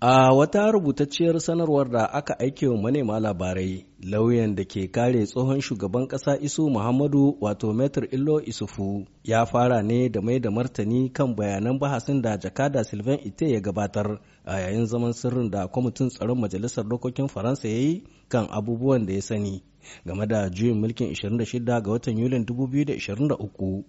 A wata rubutacciyar sanarwar da aka aike wa manema labarai, lauyan da ke kare tsohon shugaban ƙasa Isu Muhammadu wato Metir Illo Isufu ya fara ne da mai da martani kan bayanan bahasin da jakada Sylvain Ite ya gabatar a yayin zaman sirrin da kwamitin tsaron Majalisar Dokokin Faransa ya yi kan abubuwan da ya sani game da juyin mulkin 26 ga watan Yulin 2023.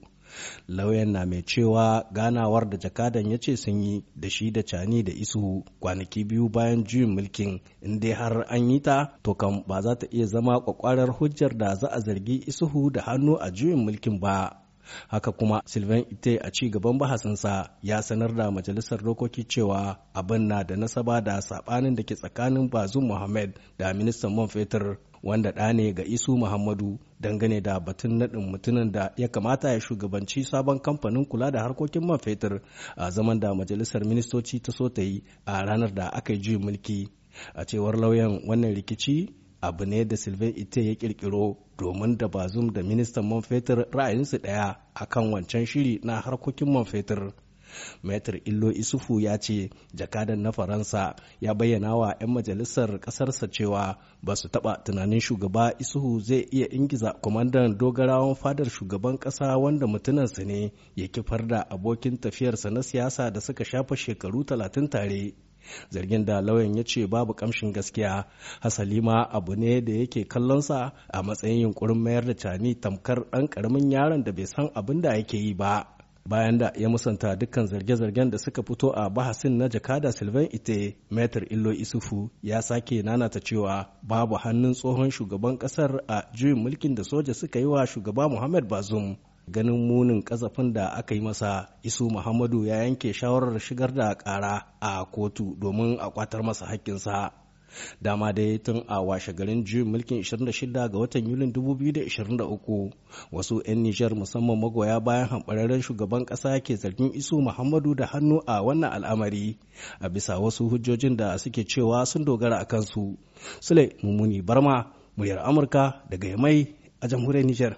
lauyan na mai cewa ganawar da jakadan ya ce sun yi da shi da cani da isu kwanaki biyu bayan juyin mulkin inda har an yi ta to kam ba za ta iya zama kwakwarar hujjar da za a zargi isuhu da hannu a juyin mulkin ba haka kuma sylvain ite a ci gaban bahasinsa ya sanar da majalisar dokoki cewa abin na da nasaba da sabanin da ke tsakanin bazum Mohamed da ministan man fetur wanda ɗa ne ga isu muhammadu dangane da batun naɗin mutumin da ya kamata ya shugabanci sabon kamfanin kula da harkokin man fetur a zaman da majalisar ministoci ta so ta yi a ranar da aka yi juyin mulki a cewar lauyan wannan rikici abu ne da sylvain ite ya kirkiro domin da bazum da ministan man fetur ra'ayinsu ɗaya akan wancan shiri na harkokin man fetur Maitar Illo Isufu ya ce jakadan na Faransa ya bayyana wa 'yan majalisar ƙasarsa cewa ba su taɓa tunanin shugaba Isuhu zai iya ingiza kwamandan dogarawan fadar shugaban ƙasa wanda mutuminsa ne ya kifar da abokin tafiyarsa na siyasa da suka shafa shekaru talatin tare. zargin da lauyan ya ce babu kamshin gaskiya hasali ma abu ne da yake kallonsa a matsayin yunkurin mayar da cani tamkar ɗan karamin yaron da bai san abin da yake yi ba bayan da ya musanta dukkan zarge-zargen da suka fito a bahasin na jakada sylvain ite metar illo isufu ya sake nanata cewa babu hannun tsohon shugaban kasar a juyin mulkin da soja suka yi wa shugaba muhammad bazum ganin munin kazafin da aka yi masa isu muhammadu ya yanke shawarar shigar da kara a kotu domin a kwatar masa hakkinsa dama dai tun a washe garin juyin mulkin 26 ga watan yulin 2023 wasu 'yan nijar musamman magoya bayan hambararren shugaban ƙasa ke zargin isu muhammadu da hannu a wannan al'amari a bisa wasu hujjojin da suke cewa sun dogara a kansu sule mummuni barma muryar amurka daga yamai a jamhuriyar nijar